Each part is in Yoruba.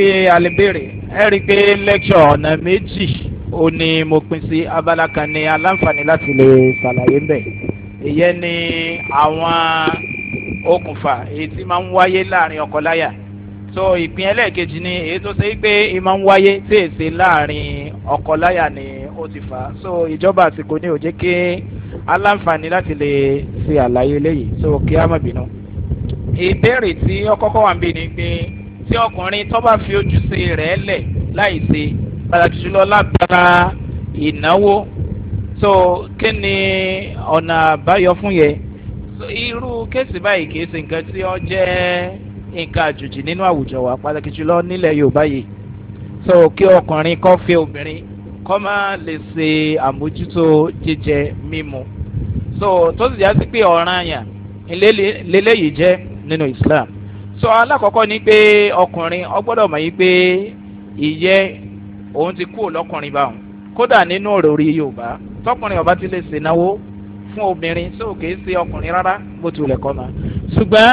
pé alẹ́bẹ̀rẹ̀ ẹ rí i pé lẹ́kṣọ̀ ọ̀nà méjì ó ní mo pin sí abala kan ní aláǹfààní láti lè ṣàlàyé ń bẹ̀ ìyẹn ni àwọn okùnfà èyí tí máa ń wáyé láàrin ọkọ láyà so ìpín ẹlẹ́ẹ̀kejì ni èyí tó ṣe pé ìmọ̀ ń wáyé tí èsè láàrin ọkọ láyà ni ó ti fà á so ìjọba àsìkò ni ò jẹ́ kí aláǹfààní láti lè ṣe àlàyé léyìí so kí á má bínú. ìbéèrè tí ọkọ́kọ́ wà ń bí ni pé. tí ọkùnrin tó bá fi ojúṣe rẹ̀ lẹ̀ láì ṣe pàtàkì jùlọ lágbára ìnáwó so kí ni ọ̀nà àbáyọ fún yẹ irú kéèsì báyìí kìí ṣe nǹkan tí ó jẹ́ nǹkan àjòjì nínú àwùjọ wa pàtàkì jùlọ nílẹ̀ yorùbá yìí so kí ọkùnrin kọ́ fi obìnrin kọ́ máa lè ṣe àmójútó jíjẹ mímu so tó sì já sí pé ọ̀ràn àyàn lélẹ́yìí jẹ́ nínú islam. so alákọ̀ọ́kọ́ ni pé ọkùnrin ọgbọ́dọ̀ mọ̀ yìí pé ìyẹ́ òun ti kúrò lọ́kùnrin báwọn kódà nínú ọ̀rọ̀ orí yorùbá tọkùnrin ọba ti lè sènáwó fún obìnrin tí ò kìí ṣe ọkùnrin rárá bó tilẹ̀ kọ́ ma ṣùgbọ́n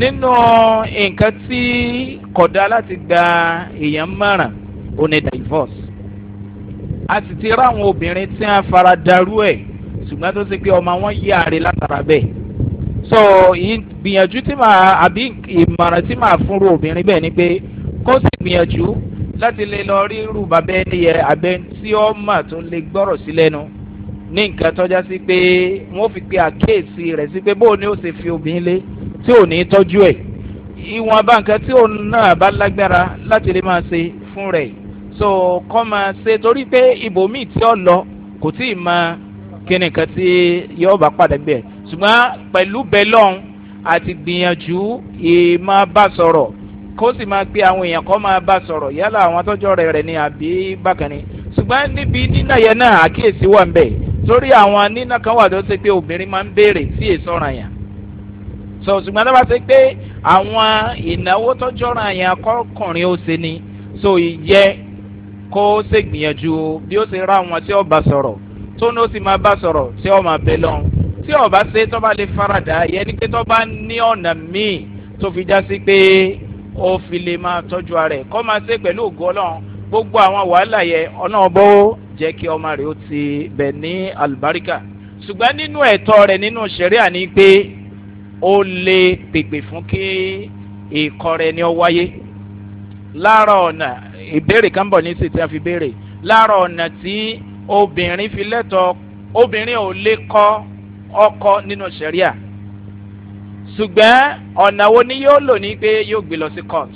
nínú nǹkan tí kọ̀dá láti gba èèyàn márùn ò divorce a sì ti ráwọn obìnrin tí wọ́n fara darú ẹ̀ ṣùgbọ́n tó ṣe pé ọmọ wọn yára látara bẹ́ẹ̀ so ìgbìyànjú tí màá àbí ìmọ̀ràn tí màá fúnrú obìnrin bẹ́ẹ̀ ni pé kó sì gbìyànjú láti lè lọ rí irú bàbá ẹni yẹ abẹ tí ó mà tó lè gbọ́rọ̀ sí lẹ́nu ní nǹkan tọ́já sí pé wọ́n fi pe àkíyèsí rẹ̀ sí pé bóun ni ó ṣe fi obìnrin lé tí ò ní tọ́jú ẹ̀ ìwọ̀n bá tí òun náà bá lágbára láti lè máa ṣe fún rẹ̀ so kọ́ máa ṣe torí pé ibòmíì tí ó lọ kò tí ì máa kí nìkan tí yóò bá padà gbẹ̀ ṣùgbọ́n pẹ̀lú bẹ́lọ́n àti gbìyànjú ìmọ̀ bá sọ̀rọ̀ kó sì máa pe àwọn èèyàn kọ́ máa bá sọ̀rọ̀ yálà àwọn tọ́jọ́ rẹ̀ rẹ̀ ni àbí bákan ni ṣùgbọ́n níbi nínà yẹn náà àkíyèsí wà ń bẹ̀ torí àwọn nínà kan wà tó ṣe pé obìnrin máa ń béèrè sí èso ọ̀ràn yàn sọ ṣùgbọ́n tó bá ṣe pé àwọn ìnáwó tọ́jọ́ ọ̀ràn yàn kọ́kùnrin ó ṣe ni so ìyẹ kó ṣègbìyànjú bí ó ṣe rá àwọn tí ó bá sọ̀rọ̀ tó ní ó sì máa bá sọ̀rọ̀ tí ó máa bẹ lọ́hùn tí ọba ṣe tọ́ba lè farada yẹ ni pé tọ́ba ní ọ̀nà míì tó fi já sí pé ó fi lè máa tọ́jú ara ẹ̀ kọ́ máa ṣe pẹ̀lú ògo ọlọ́run gbogbo àwọn wàhálà yẹ ọ̀nà ọbọ̀ ó jẹ́ kí ọmọ rẹ̀ ó ti bẹ̀ ní àlùbáríkà ṣùgbọ́n nínú ẹ̀tọ́ rẹ̀ nínú sẹ̀ríà ni pé ó lè pèpè fún kí ìkọ́ rẹ̀ ni ó wáyé láàárọ̀ ọ̀nà ìbéèrè kan bọ̀ ní sì tí a fi béèrè láàárọ̀ ọ̀nà tí obìnrin fi lẹ́tọ̀ọ́ obìnrin ò lè kọ́ ọkọ nínú sẹ̀ríà ṣùgbọ́n ọ̀nà wo ni yóò lò ní pé yóò gbé lọ sí court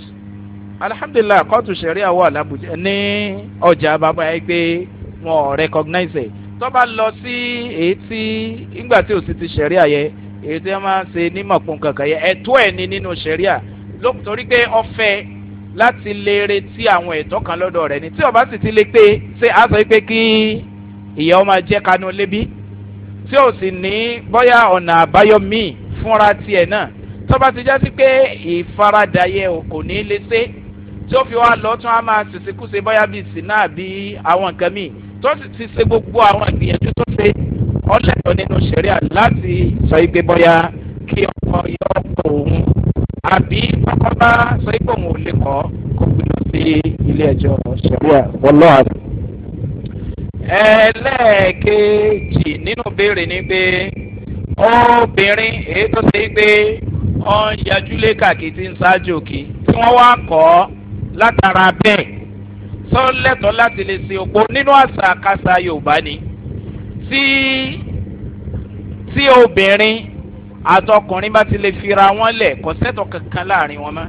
alhamdulilah court sẹ̀ríà wà lábùjá ní ọjà bàbá ya pé wọn ò recognize tó lọ sí èyí tí ìgbà tí ò sì ti sẹ̀ríà yẹn èyí tí wọ́n máa ṣe ní mọ̀pọ̀n kankan ni nínú pé láti lè retí àwọn ẹ̀tọ́ kan ni tí ọba sì ti lè pé a sọ pé kí jẹ́ kanú lébi tí ò sì ní bóyá ọ̀nà àbáyọ míì fúnra tiẹ̀ náà tọ́ba ti já sí pé ìfaradà yẹ kò ní lè ṣe tí ó fi wá lọ tún á máa ṣèṣekúṣe bóyá bíi sinna àbí àwọn nǹkan míì tó sì ti ṣe gbogbo àwọn ìgbìyànjú tó ṣe ọ̀lẹ́dọ̀ nínú sẹ̀ríà láti sọ pé bóyá kí ọkọ̀ yọ ọkọ̀ òun àbí pápá bá sọ pé òun ò lè kọ́ kó gbìyànjú sí ilé ẹjọ́ sẹ̀ríà ẹlẹ́ẹ̀kejì nínú béèrè ni pé obìnrin èyí tó ṣe pé ọ ń yajúlé kàkí tí ń ṣáájú òkè tí wọ́n wá kọ́ látara bẹ́ẹ̀ sọ lẹ́tọ̀ọ́ láti lè ṣe òpó nínú àṣà kásá yorùbá ni tí tí obìnrin àtọkùnrin bá ti lè fira wọn lẹ̀ kò sẹ́tọ̀ kankan láàrin wọn mọ́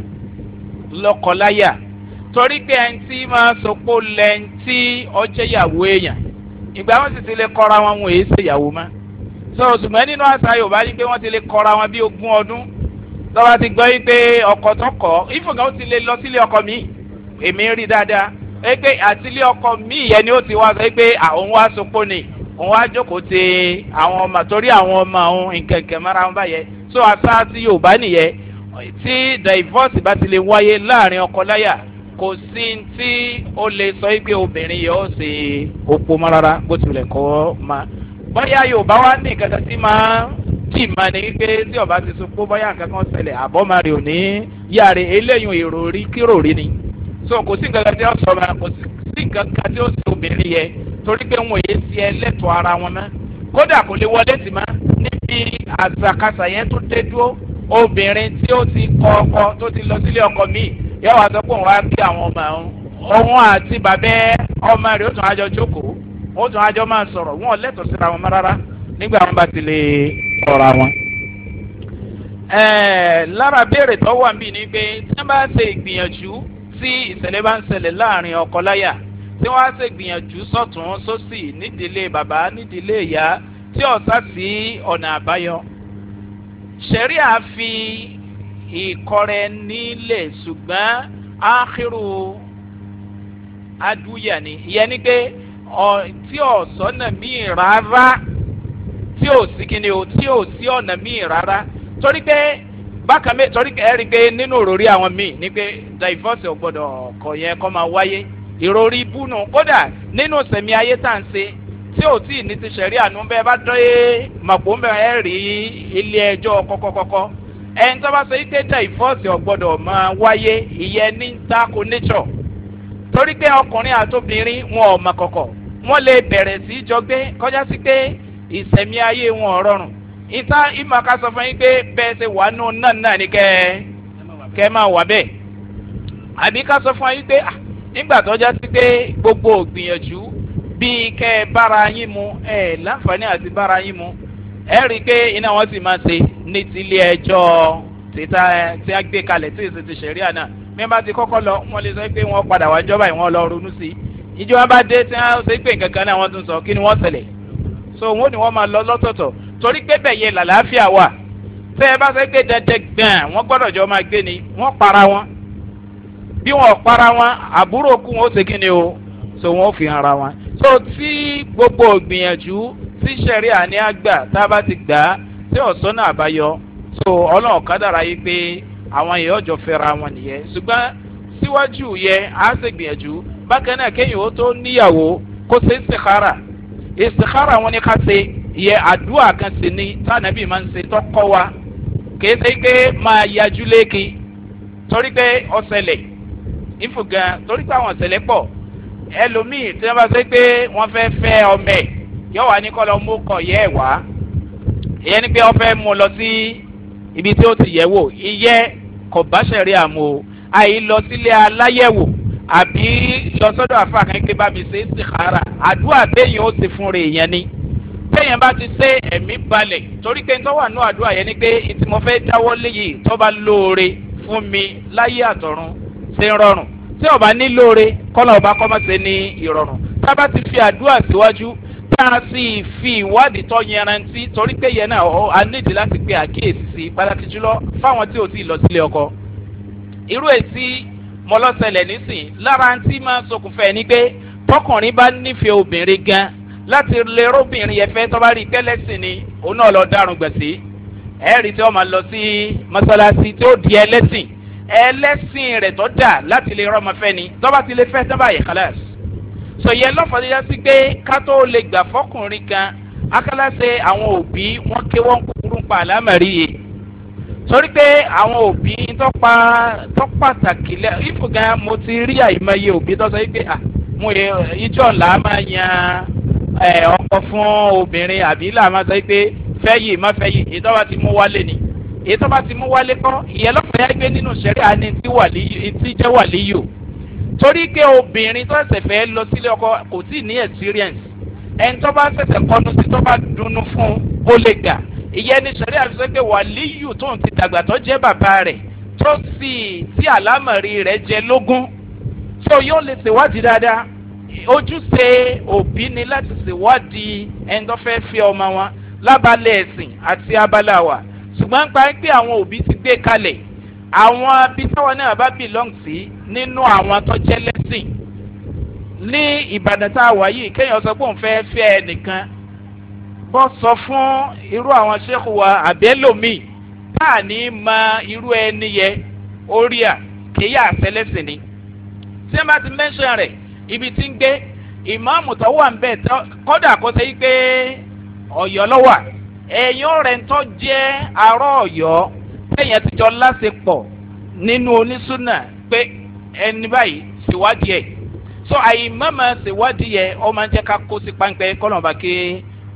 lọ́kọláyà torí pé ẹni tí máa sọ pé lẹ́ńtì ọjọ́ èèyàn ìgbà wọn sì ti lè kọra wọn wọn èyí ṣèyàwó mọ́ sọ̀rọ̀ ṣùgbọ́n nínú àṣà yorùbá yìí pé wọ́n ti lè kọra wọn bí ogún ọdún tọ́ba ti gbọ́ yìí pé ọkọ̀ tó kọ́ ìfúngà ó ti lè lọ sílé ọkọ̀ mi èmi ń rí dáadáa ẹ pé àtìlé ọkọ̀ mi ìyẹn ni ó ti wá sọ pé àwọn wá sopó ni òun wá jókòó ti àwọn ọmọ torí àwọn ọmọ òun nǹkan mara wọn báyẹn so àṣà ti yorùbá nìyẹn tí divorce bá ti lè wáyé láàrin ọkọ láyà kò sí tí ó lè sọ pé obìnrin yẹn ó ṣe òpó mọ́ rárá bó tilẹ̀ kọ́ ma bóyá yorùbá wa ní nǹkan kan tí máa tì máa ní wípé tí ọba ti sọ pé bóyá nǹkan kan ṣẹlẹ̀ àbọ̀ máa rí òní yára eléyìí èrò rí kírò rí ni so kò sí nǹkan kan tí ó sọ ma kò sí nǹkan kan tí ó ṣe obìnrin yẹn torí pé wọn yé sí ẹlẹ́tọ̀ọ́ ara wọn mọ́ kódà kò lè wọlé tì mọ́ níbi àzàkàṣà yẹn tó dé dúró obìnrin tí ó ti kọ ọkọ tó ti lọ sílé ọkọ míì yóò wá sọ pé òun wá kí àwọn ọmọ àwọn òun àti bàbẹ́ ọmọ rẹ̀ ó tún àjọ jókòó ó tún àjọ máa sọ̀rọ̀ wọn ò lẹ́tọ̀ọ́ síra wọn rárá nígbà wọn bá ti lè tọ̀ra wọn. lára béèrè tó wà níbí ni pé tí wọ́n bá ṣe ìgbìyànjú tí ìṣẹ̀lẹ̀ bá ń ṣẹlẹ̀ láàrin ọkọ láyà tí wọ́n á ṣe ìgbìyànjú sọ̀tún sósì nídìílé bàbá nídìílé ìyá tí ọ̀sá sí ọ̀nà àbáyọ. sẹ̀rí àfi ìkọrẹ nílẹ̀ ṣùgbọ́n áhírù adúyà ni ìyẹn ni pé tí ọ̀sọ́nà míì rárá tí ò sí kíni o tí ò sí ọ̀nà míì rárá torí pé bákan mi torí ẹ rí i pé nínú òròrí àwọn míì ni pé divorce ọ̀gbọ́dọ̀ kọ̀ yẹn kọ́ máa wáyé ìròrí búnú kódà nínú sẹ̀mí ayé tá à ń ṣe tí ò tí ì ní ti ṣẹ̀rí àánú bẹ́ẹ̀ bá dọ́yé màpò ń bẹ̀ ẹ́ rí ilé ẹjọ́ kọ́kọ́kọ́kọ́ ẹni tó bá sọ yìí pé dàìfọ́ọ̀sì ọ̀gbọ́dọ̀ máa wáyé ìyẹn ní tako nature torí pé ọkùnrin àtòbìnrin wọn ò mọ wọn lè bẹ̀rẹ̀ sí í jọ gbé kọjá sí pé ìsẹ̀mí ayé wọn ò rọrùn ìta ìmọ̀ọ́ká sọ fún yín pé bẹ́ẹ̀ ṣe wà nù náà náà ni kẹ́ wà bẹ́ẹ̀ àbí ká sọ fún yín pé nígbà tó já gbogbo gbìyànjú bíi kẹ́ bára yín mu ẹ̀ láǹfààní àti bára yín mu ẹ rí i pé iná wọn sì máa ṣe ní tilé ẹjọ́ títa tí a gbé kalẹ̀ tí èsì ti ṣẹ̀ríà náà bí wọ́n bá ti kọ́kọ́ lọ wọ́n lè sọ pé wọ́n padà wá ìjọba ìwọ́n lọ ronú sí ìjọba bá dé tí wọ́n ṣe pé nǹkan kan náà wọ́n tún sọ kí ni wọ́n ṣẹlẹ̀ so wọ́n ní wọ́n máa lọ lọ́tọ̀ọ̀tọ̀ torí pé bẹ̀yẹ làlàáfíà wà tẹ́ ẹ bá fẹ́ gbé dandan gbọ̀n wọ́n gbọ́dọ̀ jọ máa gbé ni wọ́n para wọn bí wọ́n para wọn àbúrò kú wọn ó ṣe kí ni o so wọ́n fi hàn ra wọn so tí gbogbo gbìyànjú tí sẹ̀rí àní àgbà tá a bá ti gbà á tí ọ̀sán náà bá yọ so ọlọ́run kádàrá yìí pé àwọn èèyàn ọjọ́ fẹ́ra wọn nìyẹn ṣùgbọ́n síwájú yẹ á sì gbìyànjú bákan náà kéèyàn ó tó níyàwó kó ṣe ìsìkára ìsìkára wọn ni ká ṣe yẹ àdúrà kan sì ni tànàbí máa ń ṣe tọkọ wa kì í ṣe pé máa yajú léèkì torí pé ọ̀sẹ̀lẹ̀ ìfùgàn torí pé àwọn ọ̀sẹ̀lẹ̀ pọ̀ ẹlòmíì tí wọ́n bá ṣe pé wọ́n fẹ́ fẹ́ ọmọ yóò wá ní kọ́ lọ mú kọ yẹ ẹ̀ wá ìyẹn ni pé wọ́n fẹ́ mú lọ sí ibi tí ó ti yẹ wò ìyẹ́ kò bá ṣẹ̀rí àmú o àyè lọ sílé aláyẹ̀wò àbí lọ sọ́dọ̀ àfa kan pé bá mi ṣe é sì kára àdúrà téèyàn ó ti fún rè yẹn ni téèyàn bá ti ṣe ẹ̀mí balẹ̀ torí pé tó wà ní àdúrà yẹn ni pé ìtì fẹ́ dáwọ́ léyìí tó bá lóore fún mi láyé àtọ̀run ṣe ń rọrùn tí ọba ní lóore kọ́nà ọba kọ́mọ́ṣe ní ìrọ̀rùn tá ti fi àdúrà síwájú tá a sì fi ìwádìí tó yanrantí torí pé yẹn náà ọ a nídìí láti pe àkíyèsí sí pàtàkì jùlọ fáwọn tí ò tí ì lọ sílé ọkọ irú èsì mọlọsẹlẹ nísìn lára tí máa sokùnfẹ ni pé tọkùnrin bá nífẹ̀ẹ́ obìnrin gan láti lérò obìnrin yẹn fẹ́ tọ́ba rí tẹ́lẹ̀sìn ni òun náà lọ dárun gbèsè ẹ̀rí tí wọ́n máa lọ sí mọ́sálásí tí ó di ẹlẹ́sìn ẹlẹ́sìn rẹ̀ tó dà láti lè rọ́mọ fẹ́ ni tọ́ba ti lè fẹ́ tọ́ba yẹ kálásì sọyẹ lọfọdéjà sí pé kátó lè gbà fọkùnrin kan akálàsẹ àwọn òbí wọn ké wọn kúkúrú pa àlámàrí yìí sori pé àwọn òbí tọpa tọpàtàkì lẹ ifo gan mo ti rí àyèmáyé òbí tọ́sọ yìí pé à ah, mo yẹ ijó là máa yan ọkọ fún obìnrin àbí là máa sọ yìí pé fẹ́ yìí má fẹ́ yìí ìtọ́ba ti mú wálé ni ìtọ́ba ti mú wálé kọ́ ìyẹn lọ́fẹ̀ẹ́ yá gbé nínú sẹ́rí àní tí jẹ́ wà líyò torí pé obìnrin tó ṣẹ̀ṣẹ̀ fẹ́ lọ sílé ọkọ kò tí ní experience ẹni tó bá ṣẹ̀ṣẹ̀ kọ́nu sí tó bá dunnú fún ó lè gbà ìyẹn ní sọ̀rí àfisọ́ pé wàlíyù tóun ti dàgbà tó jẹ́ bàbá rẹ̀ tó sì tí àlámọ̀rí rẹ̀ jẹ lógún tó yóò lè ṣèwádìí dáadáa ojúṣe òbí ni láti ṣèwádìí ẹni tó fẹ́ fi ọmọ wọn lábalẹ̀ ẹ̀sìn àti abala wa ṣùgbọ́n pa pé àwọn òbí ti gbé kalẹ̀ àwọn abitáwọn náà bá belong sí nínú àwọn tó jẹ́ lẹ́sìn ní ìbàdàn tá a wà yìí kéèyàn sọ pé òun fẹ́ fẹ́ ẹnìkan bọ́ sọ fún irú àwọn sẹ́kù wa àbẹ́lòmíì tá a ní mọ irú ẹni yẹ orí à kéèyà àfẹ́lẹ́sìn ni tí wọ́n bá ti mẹ́sàn rẹ̀ ibi tí ń gbé ìmáàmù tó wà ń bẹ̀ kọ́dà kó sẹ́yí pé ọ̀yọ́ lọ́wà ẹ̀yìn ọ̀rẹ́ntọ́ jẹ́ arọ́ ọ̀yọ́ bẹ́yẹn ti jọ lásìpọ̀ nínú onísùnà pé ẹni báyìí ṣèwádìí ẹ̀ so àyìnbámà ṣèwádìí ẹ̀ ọ máa ń jẹ́ ká kó sí páńpẹ́ kọ́lọ́mọba kí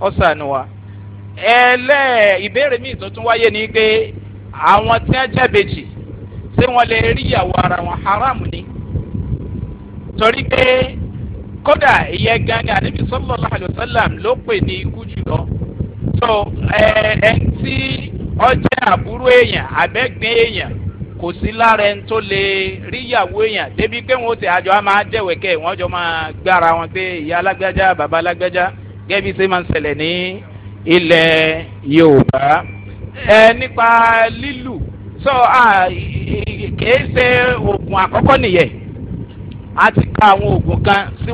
ọ̀sán wa ẹlẹ́ ìbéèrè míì tó tún wáyé ni pé àwọn tí wọ́n jẹ́ bèjì ṣé wọ́n lè rí ìyàwó ara wọn haram ni torí pé kódà ìyẹn gan àdébí sọ́lọ́lá àlùsálàm ló pè ní ikú jùlọ so ẹ ẹ ti. ọjẹ́ àbúrò èèyàn àbẹ́gbẹ́ èèyàn kò sí lára ẹni tó lè ríyàwó èèyàn débi pé wọn àjọ máa jọ máa gbára wọn pé ìyá alágbájá bàbá alágbájá gẹ́bí ṣe máa ń ní yorùbá ẹ nípa lílù sọ kìí ṣe oògùn àkọ́kọ́ nìyẹn a ka